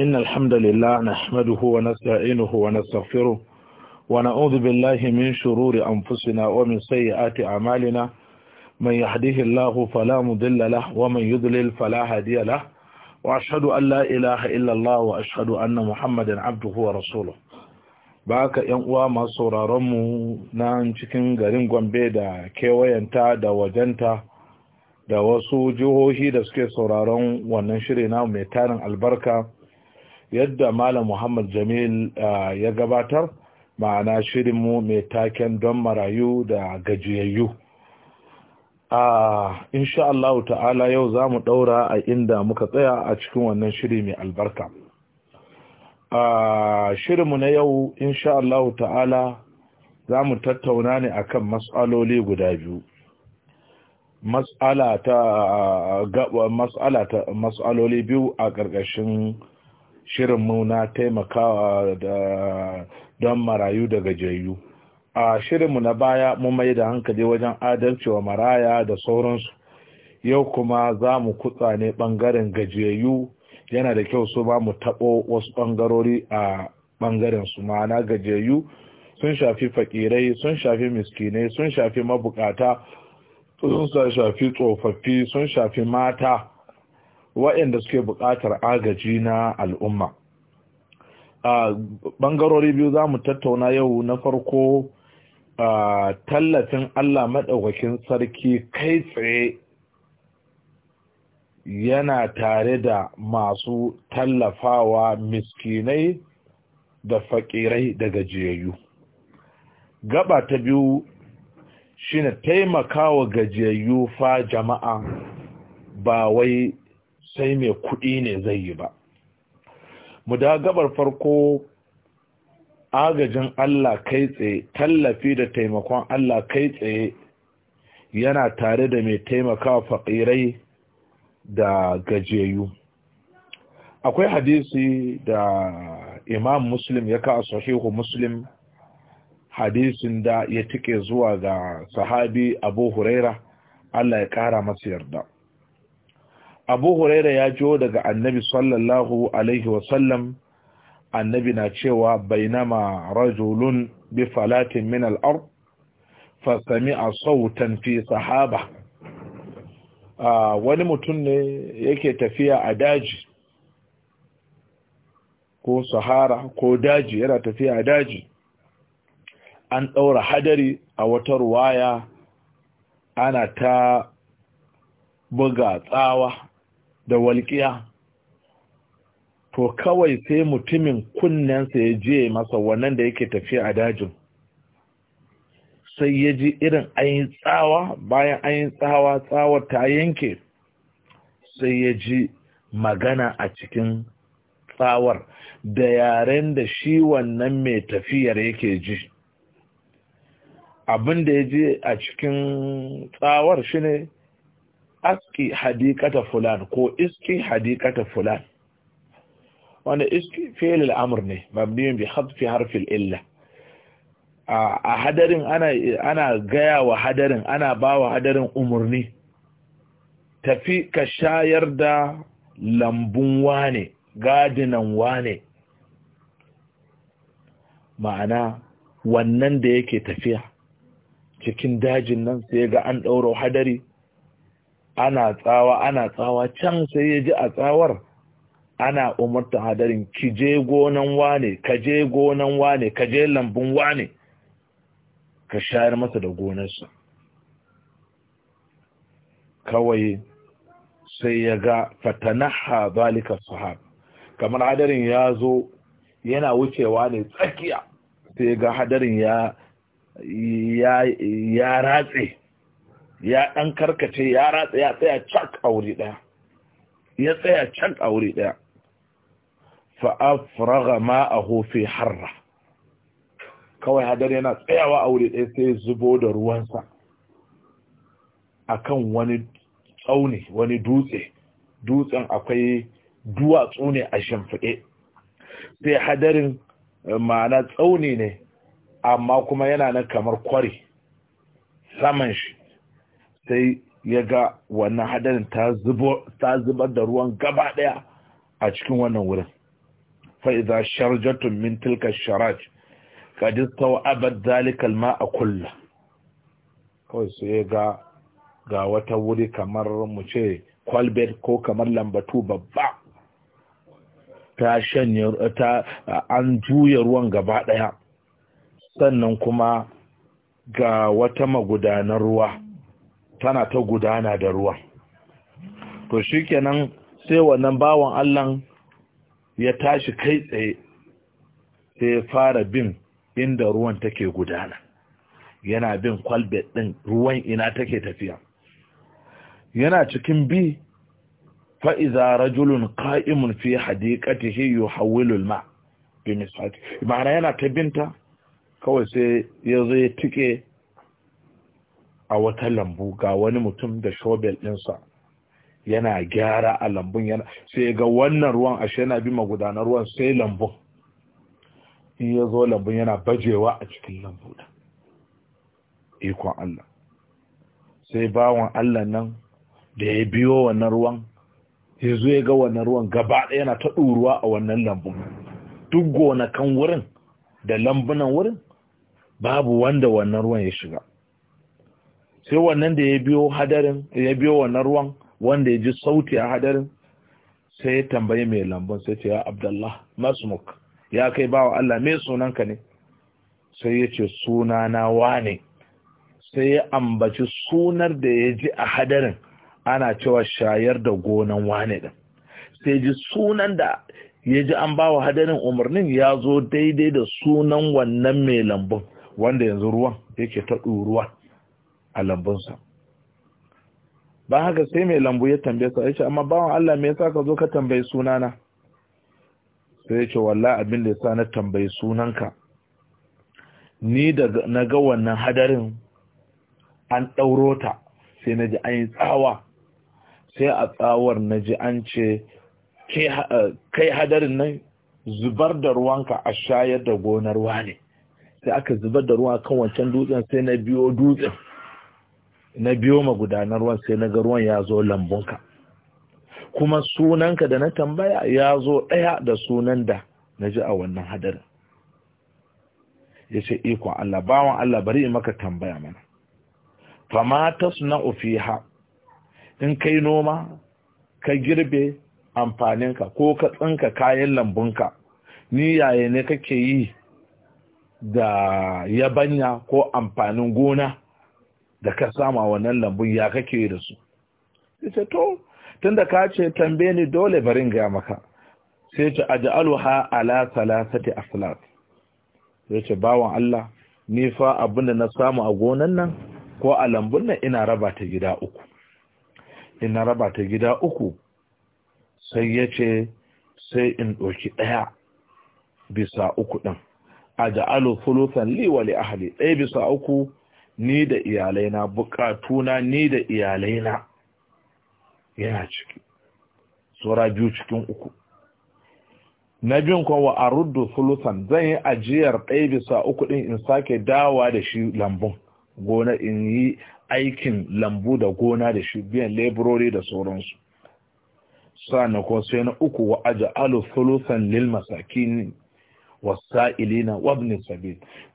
إن الحمد لله نحمده ونستعينه ونستغفره ونعوذ بالله من شرور أنفسنا ومن سيئات أعمالنا من يهديه الله فلا مضل له ومن يضلل فلا هادي له وأشهد أن لا إله إلا الله وأشهد أن محمدا عبده ورسوله baka yan uwa masu sauraron mu nan cikin garin Gombe da kewayenta da wajenta da wasu jihohi da suke sauraron wannan shiri na mai tarin albarka yadda malam muhammad jamil ya gabatar ma'ana shirinmu mai taken don marayu da gajiyayyu insha Allah ta'ala yau za mu ɗaura a inda muka tsaya a cikin wannan shiri mai albarka shirinmu na yau insha Allah ta'ala za mu tattauna ne akan matsaloli guda biyu matsala ta matsaloli biyu a ƙarƙashin shirin na taimakawa da don marayu da gajiyayyu a shirinmu na baya mun mai da hankali wajen adalci wa maraya da sauransu yau kuma za mu kutsa ne ɓangaren gajiyayyu yana da kyau su ba mu taɓo wasu ɓangarori a ɓangaren su ma'ana gajiyayyu sun shafi fakirai sun shafi miskinai sun shafi mabukata sun shafi tsofaffi sun shafi mata waɗanda suke buƙatar agaji na al'umma a ɓangarori biyu za mu tattauna yau na farko tallafin allah maɗaukakin sarki kai tsaye yana tare da masu tallafawa miskinai da faƙirai da gajiyayyu gaba ta biyu shi shine taimakawa gajiyayyu fa jama'a ba wai sai mai kuɗi ne zai yi ba mu da gabar farko agajin Allah kai tsaye tallafi da taimakon Allah kai tsaye yana tare da mai taimakawa faƙirai da gajeyu akwai hadisi da imam muslim ya kawo sahihu muslim hadisin da ya tike zuwa ga sahabi abu huraira Allah ya ƙara masu yarda abu huraira ya jiwo daga annabi sallallahu alaihi wasallam annabi na cewa bainama rajulun bi falatin min al-ard fa sami'a sautan fi sahaba wani mutum ne yake tafiya a daji ko sahara ko daji yana tafiya a daji an ɗaura hadari a wata ruwaya ana ta buga tsawa da walƙiya to kawai sai mutumin kunnensa ya je masa wannan da yake tafiya a dajin sai ya ji irin ayin tsawa bayan ayin tsawa tsawa ta yanke sai ya ji magana a cikin tsawar da yaren da shi wannan mai tafiyar yake ji abin da ya ji a cikin tsawar shine aski hadikata fulan ko iski hadikata fulan wanda iski fi'il al'amr ne mabni bi hadfi harfil illa a hadarin ana ana gaya wa hadarin ana ba wa hadarin umurni tafi ka shayar da lambun wane gadinan wane ma'ana wannan da yake tafiya cikin dajin nan sai ga an ɗauro hadari ana tsawa ana tsawa can sai ya ji a tsawar ana umarta hadarin ki je gonan wane ka je gonan wane ka je lambun wane ka shayar masa da gonarsa kawai sai ya ga fatanaha zalika sahab kamar hadarin ya zo yana wucewa ne tsakiya sai ga hadarin ya ya ratse ya ɗan karkace ya ratsa ya tsaya cak a wuri ɗaya ya tsaya cak a wuri ɗaya fa'afraga ma a hofe harra kawai hadar yana tsayawa a wuri ɗaya sai zubo da ruwansa akan wani tsauni wani dutse dutsen akwai duwatsu ne a shimfiɗe sai hadarin eh, ma'ana tsauni ne amma kuma yana nan kamar kwari saman shi sai ya ga wannan hadarin ta zubar da ruwan gaba daya a cikin wannan wurin fa'iza sharjatun min tilka sharaj kadis ta wa'abar zalikal ma a kulla kawai su ya ga ga wata wuri kamar mu ce kwalbet ko kamar lambatu babba ta shanye ta an juya ruwan gaba daya sannan kuma ga wata magudanar ruwa tana ta gudana da ruwa to shi shikenan sai wannan bawan Allah ya tashi kai tsaye sai fara bin inda ruwan take gudana yana bin kwalbet ɗin ruwan ina take tafiya yana cikin bi fa'iza rajulun ƙa'imun fi hadiƙati hiyo hawilul ma bi misali ma'ana yana ta binta kawai sai ya zai tike a wata lambu ga wani mutum da shobel ɗinsa yana gyara a lambun yana sai ga wannan ruwan ashe yana bi magudanar ruwan sai lambun in ya zo lambun yana bajewa a cikin lambu da ikon Allah sai bawan Allah nan da ya biyo wannan ruwan ya zo ya ga wannan ruwan gaba ɗaya yana ta ɗuruwa a wannan lambun duk gonakan wurin da lambunan wurin babu wanda wannan ruwan ya shiga sai wannan da ya biyo hadarin ya biyo wannan ruwan wanda ya ji sauti a hadarin sai ya tambayi mai lambun sai ce ya abdullah masmuk ya kai bawa Allah me sunanka ne sai ya ce suna na wane sai ya ambaci sunar da ya ji a hadarin ana cewa shayar da gonan wane din sai ji sunan da ya ji an bawa hadarin umarnin ya zo daidai da sunan wannan mai lambun wanda yanzu ruwan yake ta ɗuruwa a lambunsa ba haka sai mai lambu ya tambaye sa aisha amma bawan Allah me yasa ka zo ka tambayi sunana sai ya ce wallahi abin da yasa na tambayi sunanka ni da na ga wannan hadarin an ɗauro ta sai na ji an yi tsawa sai a tsawar na ji an ce eh, kai hadarin nan zubar da ruwanka a shayar da gonarwa ne. sai aka zubar da ruwa kan wancan dutsen sai na biyo dutsen na biyo magudanar ruwan sai na ga ruwan ya zo lambunka kuma sunanka da na tambaya ya zo ɗaya da sunan da na ji a wannan hadarin ya ce ikon Allah bawan Allah bari in maka tambaya mana fama ta suna ofiha in kai noma ka girbe amfaninka ko ka tsinka kayan lambunka ni yaya ne kake yi da yabanya ko amfanin gona da ka sama wannan lambun ya kake da su sai to tunda ka ce tambaye ni dole barin ga maka sai ce aj'aluha ala salasati aslat sai ce bawan Allah ni fa da na samu a gonan nan ko a lambun nan ina raba ta gida uku ina raba ta gida uku sai ya ce sai in ɗauki ɗaya bisa uku din aj'alu fulufan li wa li ahli ɗaya bisa uku ni da iyalaina bukatuna ni da iyalaina yana ciki tsora biyu cikin uku na biyun kuwa wa aruddu sulusan zan yi ajiyar ɗaya bisa uku ɗin in sake dawa da shi lambun gona in yi aikin lambu da gona da shi biyan laborori da sauransu sa'an ko sai na uku wa alu sulusan lil masakini wa sailina wa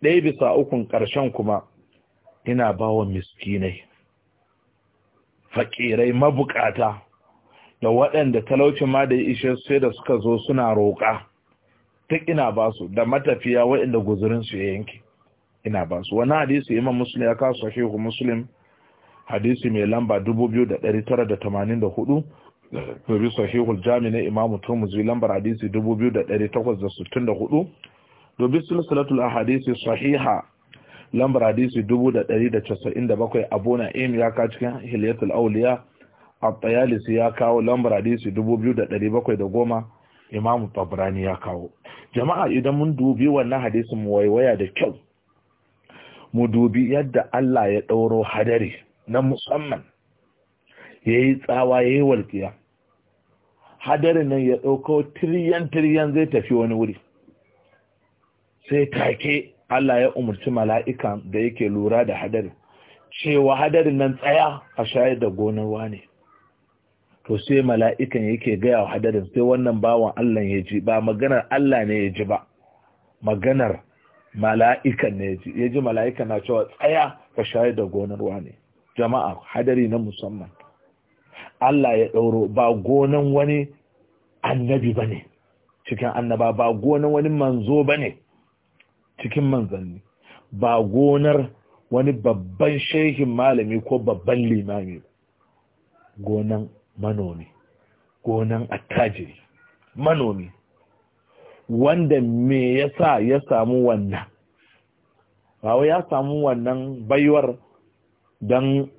ɗaya bisa ukun ƙarshen kuma ina ba wa miskinai fakirai mabukata da waɗanda talauci ma da ishe sai da suka zo suna roƙa duk ina ba su da matafiya waɗanda guzurin su ya yanke ina ba su wani hadisi imam muslim ya kawo sahihu muslim hadisi mai lamba 2984 Nabi Sahihul Jami na Imam Turmuzi lambar hadisi 2864 Dobi silsilatul ahadisi sahiha lambar hadisi 1197 abu im ya ka cikin hilyatul auliya a tayalisi ya kawo lambar hadisi 2710 imam tabrani ya kawo jama'a idan mun dubi wannan hadisin mu waiwaya da kyau mu dubi yadda Allah ya ɗauro hadari na musamman ya yi tsawa ya yi walƙiya Hadari nan ya ɗauko tiriyan tiriyan zai tafi wani wuri sai take Allah ya umarci malaikan da yake lura da hadari cewa hadarin nan tsaya a shayar da gonar wane to sai mala'ikan yake gaya wa hadarin sai wannan bawan Allah ya ji ba maganar Allah ne ya ji ba maganar mala'ikan ne ya ji ya ji mala'ikan na cewa tsaya a shayar da gonar wane jama'a hadari na musamman Allah ya ɗauro ba gonan wani annabi ba ne cikin annaba ba gonan wani manzo ba ne cikin manzanni ba gonar wani babban shehin malami ko babban limami gonan manomi gonan attajiri manomi wanda me yasa ya samu wannan bawa ya samu wannan baiwar don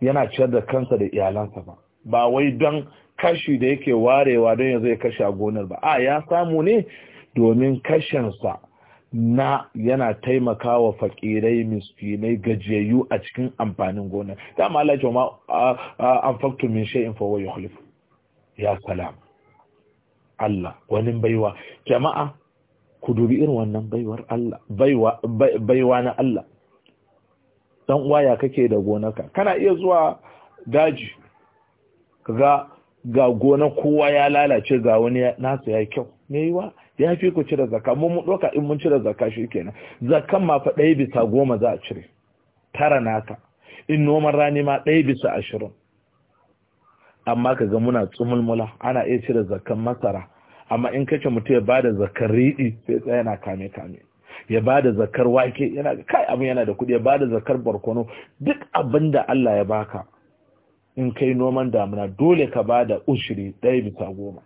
yana ciyar da kansa da iyalansa ba ba wai don kashi da yake warewa don ya zai kashe a gonar ba a ya samu ne domin kashensa na yana taimaka wa fakirai miskinai gajiyayyu a cikin amfanin gona dama Allah ya ma an faktu min shay'in fa yukhlif ya salam Allah wani baiwa jama'a ku dubi irin wannan baiwa na Allah dan uwa kake da gonaka kana iya zuwa daji kaga ga gona kowa ya lalace ga wani nasa ya kyau me wa ya fi ku cire zaka mun mu doka in mun cire zaka kenan zakan ma fa ɗaya bisa goma za a cire tara naka in noman rani ma ɗaya bisa ashirin amma ka ga muna tsumulmula ana iya cire zakan masara amma in kace mutum ya bada zakar riɗi sai tsaya yana kame kame ya bada zakar wake yana kai abin yana da kuɗi ya bada zakar barkono duk abinda Allah ya baka in kai noman damuna dole ka bada ushiri ɗaya bisa goma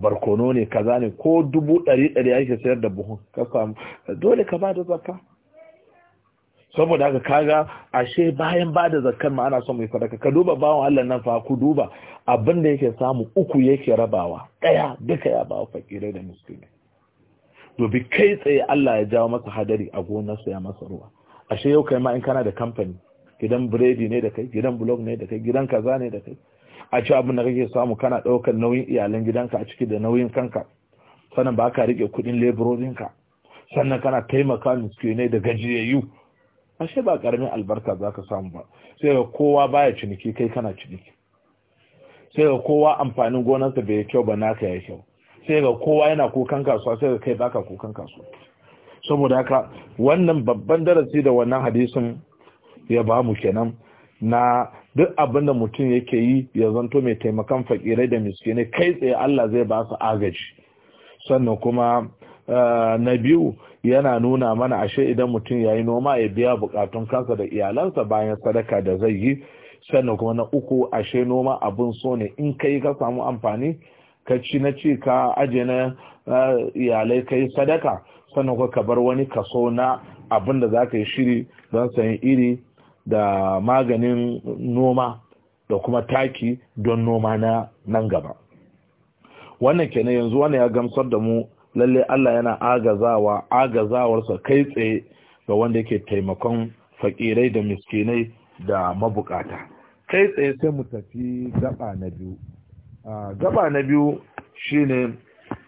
barkono ne kaza ne ko dubu ɗari ɗari ake sayar da buhun ka samu dole ka ba da zakka saboda haka kaga ashe bayan ba da zakkar ma ana son mai sadaka ka duba bawan Allah nan fa ku duba abin da yake samu uku yake rabawa ɗaya duka ya bawa fakire da musulmi dobi kai tsaye Allah ya jawo masa hadari a gonarsa ya masa ruwa ashe yau kai ma in kana da kamfani gidan biredi ne da kai gidan blog ne da kai gidan kaza ne da kai a ci abin da kake samu kana ɗaukar nauyin iyalan gidanka a ciki da nauyin kanka sannan ba ka riƙe kuɗin leburorinka sannan kana taimaka miskinai da gajiyayyu ashe ba ƙaramin albarka za ka samu ba sai ga kowa baya ciniki kai kana ciniki sai ga kowa amfanin gonarsa bai kyau ba naka ya kyau sai ga kowa yana kukan kasuwa sai ga kai baka kukan kasuwa saboda haka wannan babban darasi da wannan hadisin ya ba mu kenan na duk abin da mutum yake yi ya zanto mai taimakon fakirai da miskinai kai tsaye Allah zai ba su agaji sannan kuma eh, na biyu yana nuna mana ashe idan mutum ya yi noma ya biya bukatun kansa da iyalansa bayan sadaka da zai yi sannan kuma na uku ashe noma abin so ne in kai ka samu amfani ka ci na ci ka aje na eh, iyalai ka yi sadaka sannan kuma ka bar wani kaso na abin da za ka yi shiri don sayan iri da maganin noma da kuma taki don noma na nan gaba wannan kenan yanzu wani ya gamsar da mu lalle Allah yana agazawa agazawarsa kai tsaye ga wanda yake taimakon fakirai da miskinai da mabukata kai tsaye sai mu tafi gaba na biyu gaba na biyu shi ne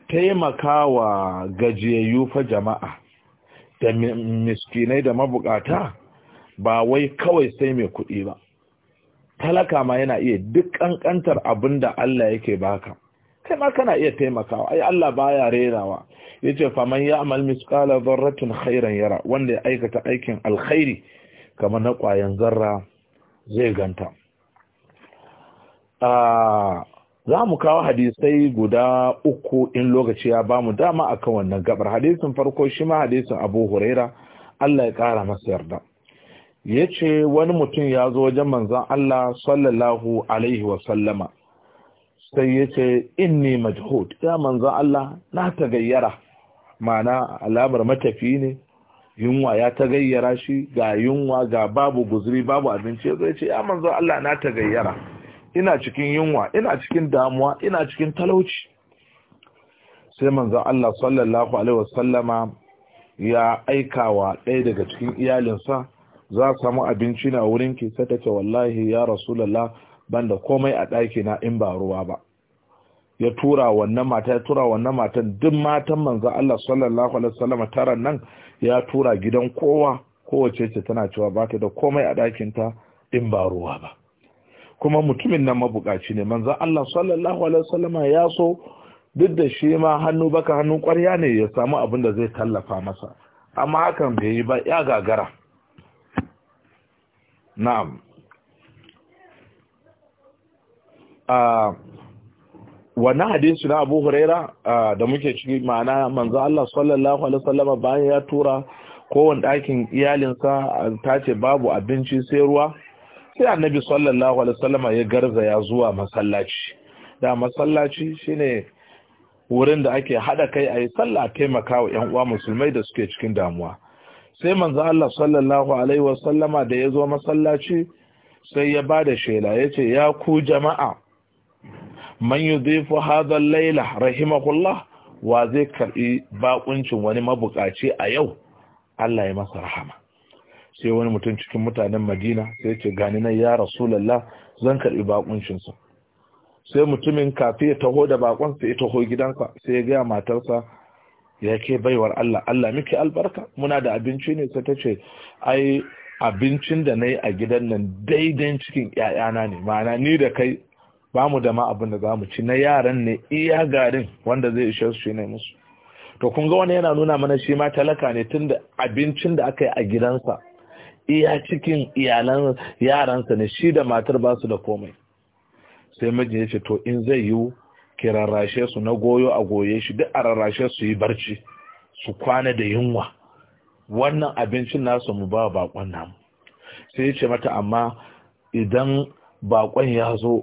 taimakawa gajiyayyu fa jama'a da miskinai da mabukata ba wai kawai sai mai kuɗi ba talaka ma yana iya duk ƙanƙantar abin da Allah yake baka kai ma kana iya taimakawa ai Allah baya rerawa yace faman ya'mal misqala dharratin khairan yara wanda ya aikata aikin alkhairi kamar na ƙwayan zarra zai ganta ah, za mu kawo hadisai guda uku in lokaci ya bamu, mu dama akan wannan gabar hadisin farko shi ma hadisin Abu Huraira Allah ya ƙara masa yarda ya ce wani mutum ya zo wajen manzan Allah sallallahu Alaihi wasallama sai ya ce in ne majhud ya manzan Allah na ta gayyara mana alamar matafi ne yunwa ya ta gayyara shi ga yunwa ga babu guzuri babu abinci ya zai ce ya manzan Allah na ta gayyara ina cikin yunwa ina cikin damuwa ina cikin talauci sai manzan Allah sallallahu Alaihi wasallama ya aikawa ɗaya daga cikin iyalinsa za a samu abinci na wurin ki sai ce wallahi ya rasulullah banda komai a ɗaki na in ba ruwa ba ya tura wannan mata ya tura wannan matan duk matan manzo Allah sallallahu alaihi wasallam taran nan ya tura gidan kowa kowace ce tana cewa ba ta da komai a ɗakin ta in ba ruwa ba kuma mutumin nan mabukaci ne manzo Allah sallallahu alaihi wasallam ya so duk da shi ma hannu baka hannun ƙwarya ne ya samu abin da zai tallafa masa amma hakan bai yi ba ya gagara na'am ah, wannan hadisi na abu huraira ah, da muke ciki ma'ana manzo Allah sallallahu alaihi bayan ya tura kowane ɗakin iyalinsa ta ce babu abinci sai ruwa sai annabi sallallahu alaihi garza ya zuwa masallaci da masallaci shine wurin da ake hada kai ayi sallah taimakawa ƴan uwa musulmai da suke cikin damuwa sai manzo Allah sallallahu alaihi wasallama da ya zo masallaci sai ya ba da shela ya ce ya ku jama'a man yudhifu hadha al-laila rahimahullah wa zai karbi bakuncin wani mabukaci a yau Allah ya masa rahama sai wani mutum cikin mutanen Madina sai ce gani nan ya rasulullah zan karbi bakuncin sa sai mutumin kafi ya taho da bakon sai ya taho gidansa sai ya ga matarsa ya ke baiwar Allah Allah miki albarka muna da abinci ne sai ta ce ai abincin da na yi a gidan nan daidai cikin ‘ya'yana ne ma'ana ni da kai ba mu da ma abin da za mu ci na yaran ne iya garin wanda zai ishe su ne musu to kun ga wani yana nuna mana shi ma talaka ne tunda abincin da aka yi a gidansa iya cikin iyalan yaransa ne shi da matar ba su da komai sai mijin ya ce to in zai yiwu ke rarrashe su na goyo a goye shi duk a rarrashe su yi barci su kwana da yunwa wannan abincin nasu mu ba bakon namu sai ce mata amma idan bakon ya zo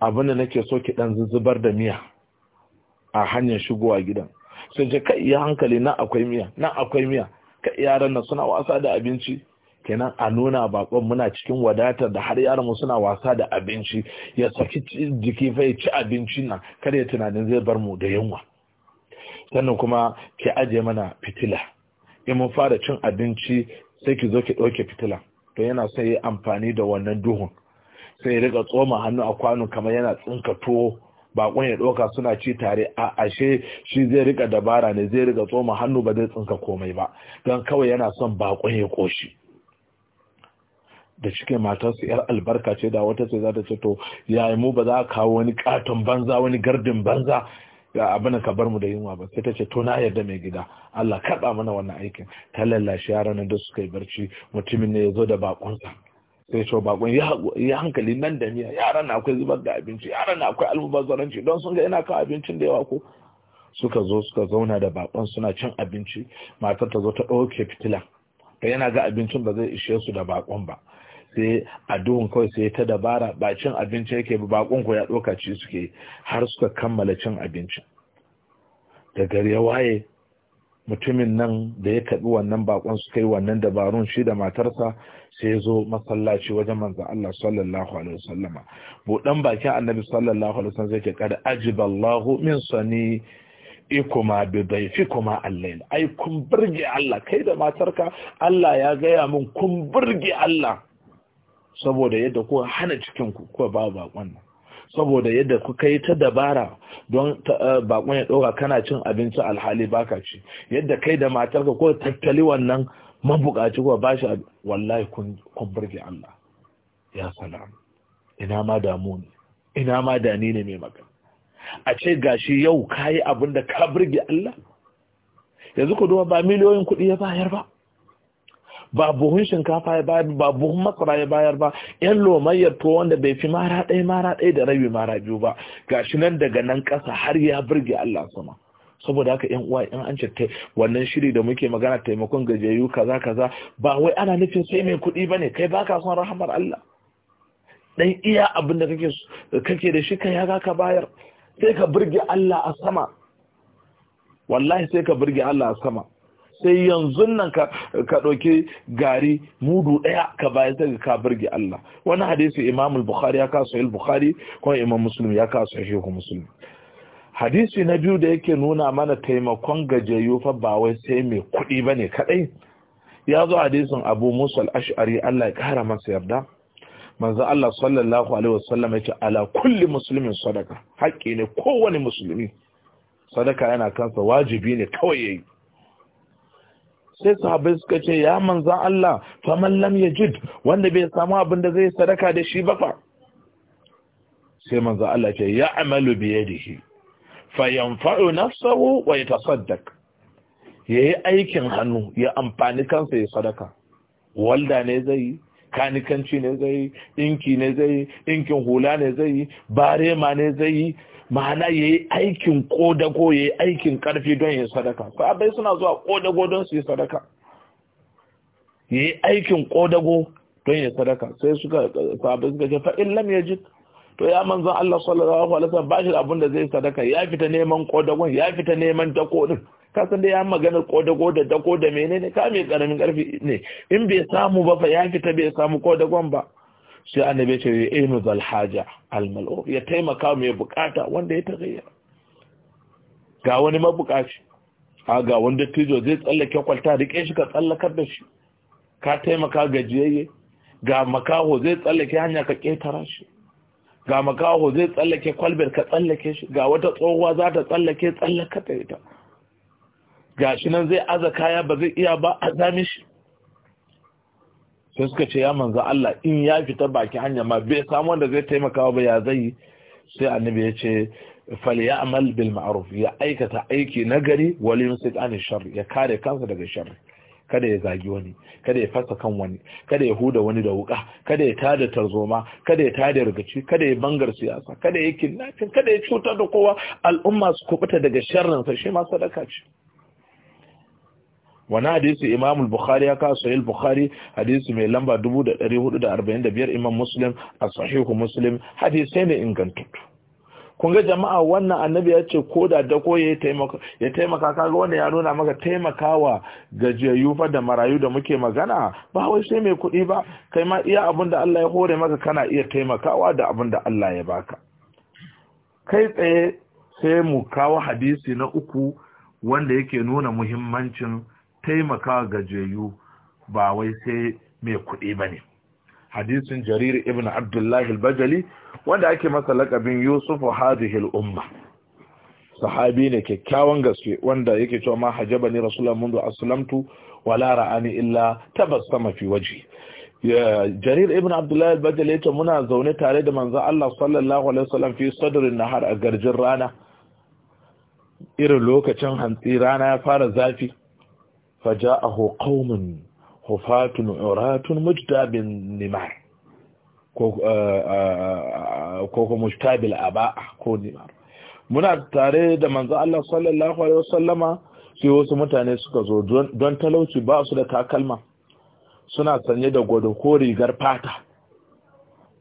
abin da nake so ki dan zuzubar da miya a hanyar shigowa gidan sai ce kai ya hankali na akwai miya na akwai miya kai yaran nan suna wasa da abinci kenan a nuna bakon muna cikin wadatar da har yaran suna wasa da abinci ya saki jiki fa ya ci abinci na, kada ya tunanin zai bar mu da yunwa sannan kuma ki aje mana fitila in mun fara cin abinci sai ki zo ki ɗauke fitila to yana sai yi amfani da wannan duhun sai ya riga tsoma hannu a kwano kamar yana tsinka tuwo bakon ya ɗauka suna ci tare a ashe shi zai riga dabara ne zai riga tsoma hannu ba zai tsinka komai ba don kawai yana son bakon ya ƙoshi da cike matarsu yar albarka ce da wata ce za ta ce to yayi mu ba za a kawo wani katon banza wani gardin banza ga abin ka bar mu da yunwa ba sai ta ce to na yarda mai gida Allah karba mana wannan aikin ta lallashi yaran da suka yi barci mutumin ne ya zo da bakonsa sai ce bakon ya hankali nan da miya yaran na akwai zubar da abinci yaran na akwai almubazzaranci don sun ga yana kawo abincin da yawa ko suka zo suka zauna da bakon suna cin abinci matar ta zo ta ɗauke fitila da yana ga abincin ba zai ishe su da baƙon ba sai a kawai sai ta dabara ba cin abinci yake ba bakon ko ya ɗauka ci suke har suka kammala cin abinci. da gari ya waye mutumin nan da ya taɓi wannan bakon su kai wannan dabarun shi da matarsa sai zo masallaci wajen manzan Allah sallallahu alaihi wasallama buɗan bakin annabi sallallahu alaihi wasallam zai ce kada ajiballahu min sani ikuma bi daifi kuma allail ai kun burge Allah kai da matarka Allah ya gaya min kun burge Allah saboda yadda kuka hana cikinku kuka ba bakon nan saboda yadda kuka yi ta dabara don eh, bakon ya ɗora kana cin abinci alhali baka ci yadda kai da matarka ko tattali wannan mabukaci ko bashi wallahi kun burge Allah ya salam ina ma damu ne ina ma dani ne mai magana a ce gashi yau kayi abin ka burge Allah yanzu ku duba ba miliyoyin kuɗi ya bayar ba ba buhun shinkafa ya bayar ba buhun masara ya bayar ba yan lomayyar to wanda bai fi mara ɗaya mara ɗaya da rabi mara biyu ba gashi nan daga nan ƙasa har ya burge Allah sama saboda haka yan uwa yan an ce wannan shiri da muke magana taimakon gajeyu kaza kaza ba wai ana nufin sai mai kuɗi ba ne. kai baka son rahamar Allah dan iya abin da kake kake da shi kai ya ka bayar sai ka burge Allah a sama wallahi sai ka burge Allah a sama sai yanzu nan ka ɗauki gari mudu ɗaya ka bayan sai ka birge Allah wani hadisi imam bukhari ya kasu il bukhari kuma imam muslim ya kaso shehu muslim hadisi na biyu da yake nuna mana taimakon gajiyayyu fa ba wai sai mai kuɗi ba ne kadai ya zo hadisin abu musa al-ash'ari Allah ya kara masa yarda manzo Allah sallallahu alaihi wasallam yace ala kulli muslimin sadaka haƙƙi ne kowane musulmi sadaka yana kansa wajibi ne kawai yayi sai sahabai suka ce ya manza Allah faman lam yajid wanda bai samu abin da zai sadaka da shi ba fa sai manza Allah ce ya amalu bi yadihi fa yanfa'u nafsahu wa yatasaddaq yayi aikin hannu ya amfani kansa ya sadaka walda ne zai yi kanikanci ne zai yi inki ne zai yi inkin hula ne zai yi barema ne zai yi ma'ana ya yi aikin kodago ya yi aikin karfi don yin sadaka Sabai suna zuwa kodago don su yi sadaka ya yi aikin kodago don yin sadaka sai suka sahabai suka ce fa'in lam ya ji to ya manzan Allah sallallahu alaihi wasallam ba shi abin da zai sadaka ya fita neman kodagon ya fita neman takodin ka san da ya magana ko da goda da menene ka mai karamin karfi ne in bai samu ba fa ya fita bai samu gon ba sai annabi ce ya eh, inu zal haja al mal'u ya taimaka mai bukata wanda ya tagayya ga wani mabukaci a ga wanda tijo zai tsallake kwalta rike shi ka tsallakar da shi ka taimaka jiyayye ga makaho zai tsallake hanya ka ketara shi ga makaho zai tsallake kwalbir ka tsallake shi ga wata tsohuwa za ta tsallake tsallaka ta ita ga shi nan zai aza kaya ba zai iya ba a zami shi sai suka ce ya manzo Allah in ya fita baki hanya ma bai samu wanda zai taimaka ba ya zai sai annabi ya ce falyamal bil ma'ruf ya aikata aiki nagari wal yumsik an shar ya kare kansa daga shar kada ya zagi wani kada ya fasa kan wani kada ya huda wani da wuka kada ya tada tarzoma kada ya tada rigaci kada ya bangar siyasa kada ya kidnapping kada ya cutar da kowa al'umma su kubuta daga sharrin sa shi ma sadaka ce wani hadisi imam al-bukhari ya kawo sahih bukhari hadisi mai lamba 445 imam muslim a sahihu muslim hadisi ne ingantattu kun ga jama'a wannan annabi ya ce ko da dako ya taimaka ya taimaka kaga wanda ya nuna maka taimakawa gajiyayyu fa da marayu da muke magana ba wai sai mai kuɗi ba kai ma iya abin da Allah ya hore maka kana iya taimakawa da abin da Allah ya baka kai tsaye sai mu kawo hadisi na uku wanda yake nuna muhimmancin taimaka gajeyu ba wai sai mai kuɗi ba ne hadisin jarir ibn abdullahi bajali wanda ake masa lakabin yusufu hadihil umma sahabi ne kyakkyawan gaske wanda yake cewa ma hajaba ni rasulullah mundu asulamtu, wala ra'ani illa tabassama fi waji jarir ibn abdullahi bajali yace muna zaune tare da manzon Allah sallallahu alaihi wasallam fi sadrin nahar a garjin rana irin lokacin hantsi rana ya fara zafi فجاءه قوم حفاة عراة مجتاب النمار ko mujtabil aba ko nimar muna tare da manzo Allah sallallahu alaihi wasallama sai wasu mutane suka zo don talauci ba su da takalma suna sanye da gwado ko rigar fata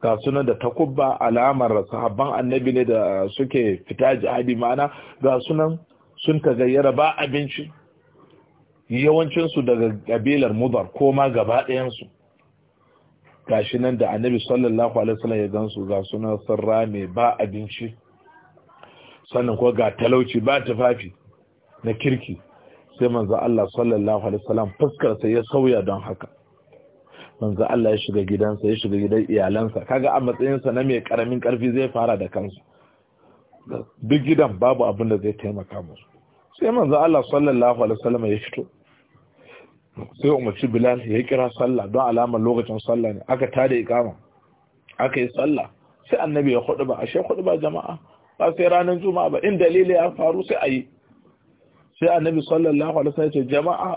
ga suna da takubba alamar sahabban annabi ne da suke fita jihadi ma'ana ga sunan sun tagayyara ba abinci yawancinsu daga ƙabilar mudar ko ma gaba ɗayansu shi nan da annabi sallallahu alaihi wasallam ya gansu ga sunan sarra mai ba abinci sannan ko ga talauci ba tufafi na kirki sai manzo Allah sallallahu alaihi wasallam fuskar sa ya sauya don haka manzo Allah ya shiga gidansa ya shiga gidan iyalansa kaga a matsayin sa na mai karamin karfi zai fara da kansu duk gidan babu abin da zai taimaka musu sai manzo Allah sallallahu alaihi wasallam ya fito sai umarci bilal ya kira sallah don alamar lokacin sallah ne aka tada ikama aka yi sallah sai annabi ya kudu ba a shi kudu ba jama'a ba sai ranar juma'a ba in dalili ya faru sai a yi sai annabi sallallahu alaihi wasallam jama'a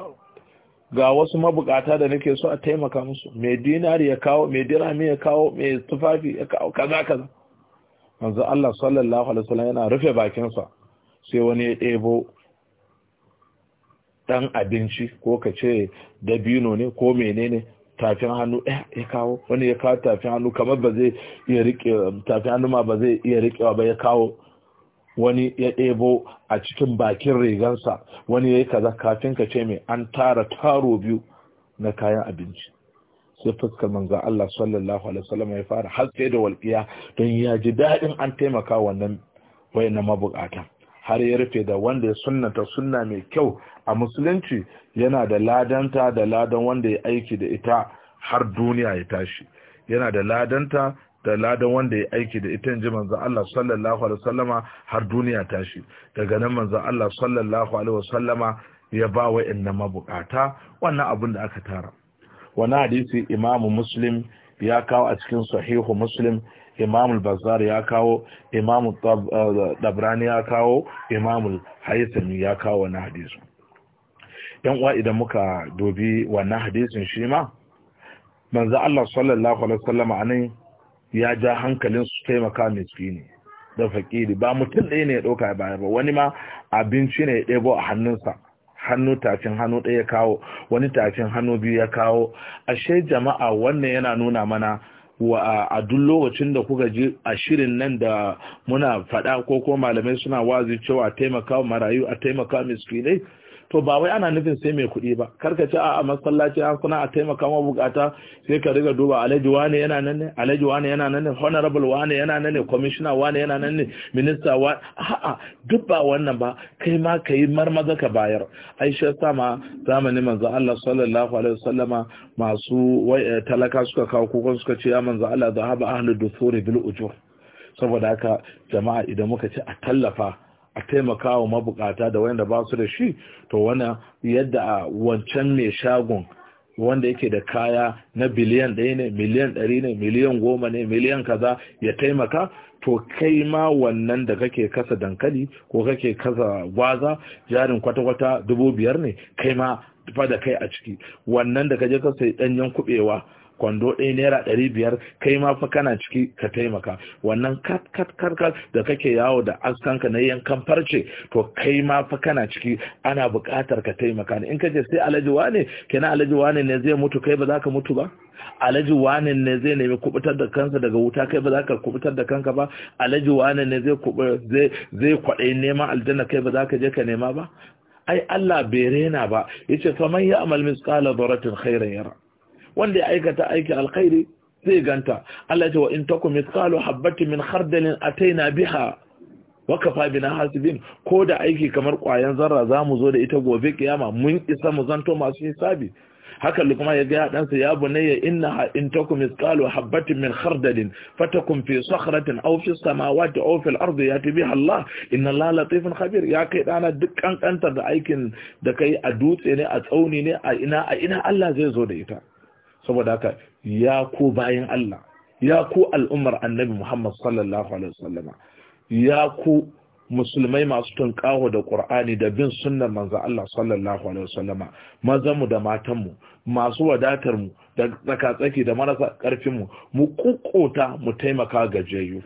ga wasu mabukata da nake so a taimaka musu mai dinari ya kawo mai dirami ya kawo mai tufafi ya kawo kaza kaza manzo Allah sallallahu alaihi wasallam yana rufe bakin sa sai wani ya ɗebo ɗan abinci ko ka ce dabino ne ko menene tafin hannu ɗaya eh, ya kawo wani ya kawo tafin hannu kamar ba zai iya riƙe tafin hannu ma ba zai iya riƙewa ba ya kawo wani ya ɗebo a cikin bakin rigansa wani ya yi kaza kafin ka ce mai an tara taro biyu na kayan abinci sai fuskar manzo Allah sallallahu alaihi wasallam ya fara har sai da walƙiya don ya ji daɗin an taimaka wannan wayannan mabukata har ya rufe da wanda ya sunnata sunna mai kyau a musulunci yana da ladanta da ladan wanda ya aiki da ita har duniya ya tashi yana da ladanta da ladan wanda ya aiki da ita ji manzo Allah sallallahu alaihi wasallama har duniya tashi daga nan manzo Allah sallallahu alaihi wasallama ya ba wa inna mabukata wannan abin da aka tara wani hadisi imamu muslim ya kawo a cikin sahihu muslim imam al-bazzar ya kawo imam eh, dabrani ya kawo imam al-haythami ya kawo wannan hadisin yan uwa idan muka dobi wannan hadisin shi ma manzo Allah sallallahu alaihi wasallam anan ya ja hankalin su taimaka miskini da fakiri ba mutum ɗaya ne ya ɗauka baya ba wani ma abinci ne ya ɗebo a hannunsa hannu tafin hannu ɗaya ya kawo wani tafin hannu biyu ya kawo ashe jama'a wannan yana nuna mana wa a duk lokacin da kuka ji a shirin nan da muna fada ko ko malamai suna wazi cewa a taimaka marayu a taimaka miskinai to ba wai ana nufin sai mai kuɗi ba karka ce a masallaci an kuna a taimaka ma bukata sai ka riga duba alhaji wane yana nan ne alhaji wane yana nan ne honorable wane yana nan ne commissioner wane yana nan ne minister wa, a'a duk ba wannan ba kai ma ka marmaza ka bayar aisha sama zamanin manzo Allah sallallahu alaihi wasallama masu eh, talaka suka kawo kokon suka ce ya manzo Allah zahaba ahlud dusuri bil ujur saboda haka jama'a idan muka ce a tallafa a taimaka wa mabukata da wanda ba su da shi to wani yadda a wancan mai shagon wanda yake da kaya na biliyan ɗaya ne miliyan ɗari ne miliyan goma ne miliyan kaza ya taimaka to kai ma wannan da kake kasa dankali ko kake kasa gwaza jarin kwata-kwata dubu biyar ne kai ma fa da kai a ciki wannan da kaje ka sayi ɗanyen kuɓewa kwando ɗaya naira ɗari biyar kai ma fa kana ciki ka taimaka wannan kat kat kat kat da kake yawo da askanka na yankan farce to kai ma fa kana ciki ana buƙatar ka taimaka in ka ce sai alhaji wane kenan alhaji wane ne zai mutu kai ba za ka mutu ba alhaji wane ne zai nemi kubutar da kansa daga wuta kai ba za ka kubutar da kanka ba alhaji wane ne zai zai kwaɗayi neman aljanna kai ba za ka je ka nema ba ai Allah bai rena ba yace man ya amal misqala dharratin khairan yara wanda ya aikata aikin alkhairi zai ganta Allah ya ce wa in takum mithqalu habatin min khardalin ataina biha wa kafa bina hasibin ko da aiki kamar kwayan zarra zamu zo da ita gobe kiyama mun isa mu zanto masu hisabi haka lukman ya ga gaya sa ya bunayya inna in takum mithqalu habatin min khardalin fatakum fi sakhratin aw fi samawati aw fil ardi yati biha Allah inna Allah latifun khabir ya kai dana duk kankantar da aikin da kai a dutse ne a tsauni ne a ina a ina Allah zai zo da ita saboda haka ya ko bayan Allah ya ko al'ummar annabi Muhammad sallallahu alaihi wasallama ya ko musulmai masu tunƙawa da ƙur'ani da bin sunnar manzo Allah sallallahu alaihi wasallama mazanmu da matan mu masu wadatar mu da tsakatsaki da marasa ƙarfin mu mu kukkota mu taimaka gajeyyu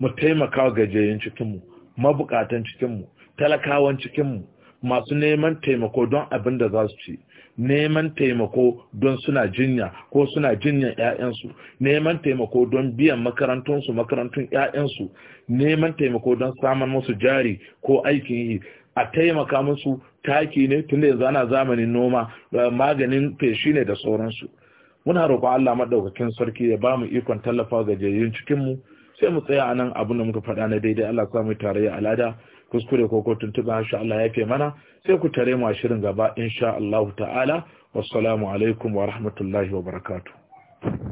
mu taimaka gajeyyun cikin mu mabukatan cikin mu talakawan cikin mu masu neman taimako don abin da za su ci neman taimako don suna jinya ko suna jinyan 'ya'yansu neman taimako don biyan makarantunsu makarantun 'ya'yansu neman taimako don samun musu jari ko aikin yi a taimaka musu taki ne tunda yanzu ana zamanin noma maganin feshi ne da sauransu muna roƙo Allah maɗaukakin sarki ya ba mu ikon tallafa ga jayyun cikinmu sai mu tsaya a nan abin da muka faɗa na daidai Allah samu tarayya al'ada kuskure ko ko tuntuba insha Allah ya fi mana sai ku tare mu a shirin gaba insha Allah ta'ala wassalamu alaikum wa rahmatullahi wa barakatuh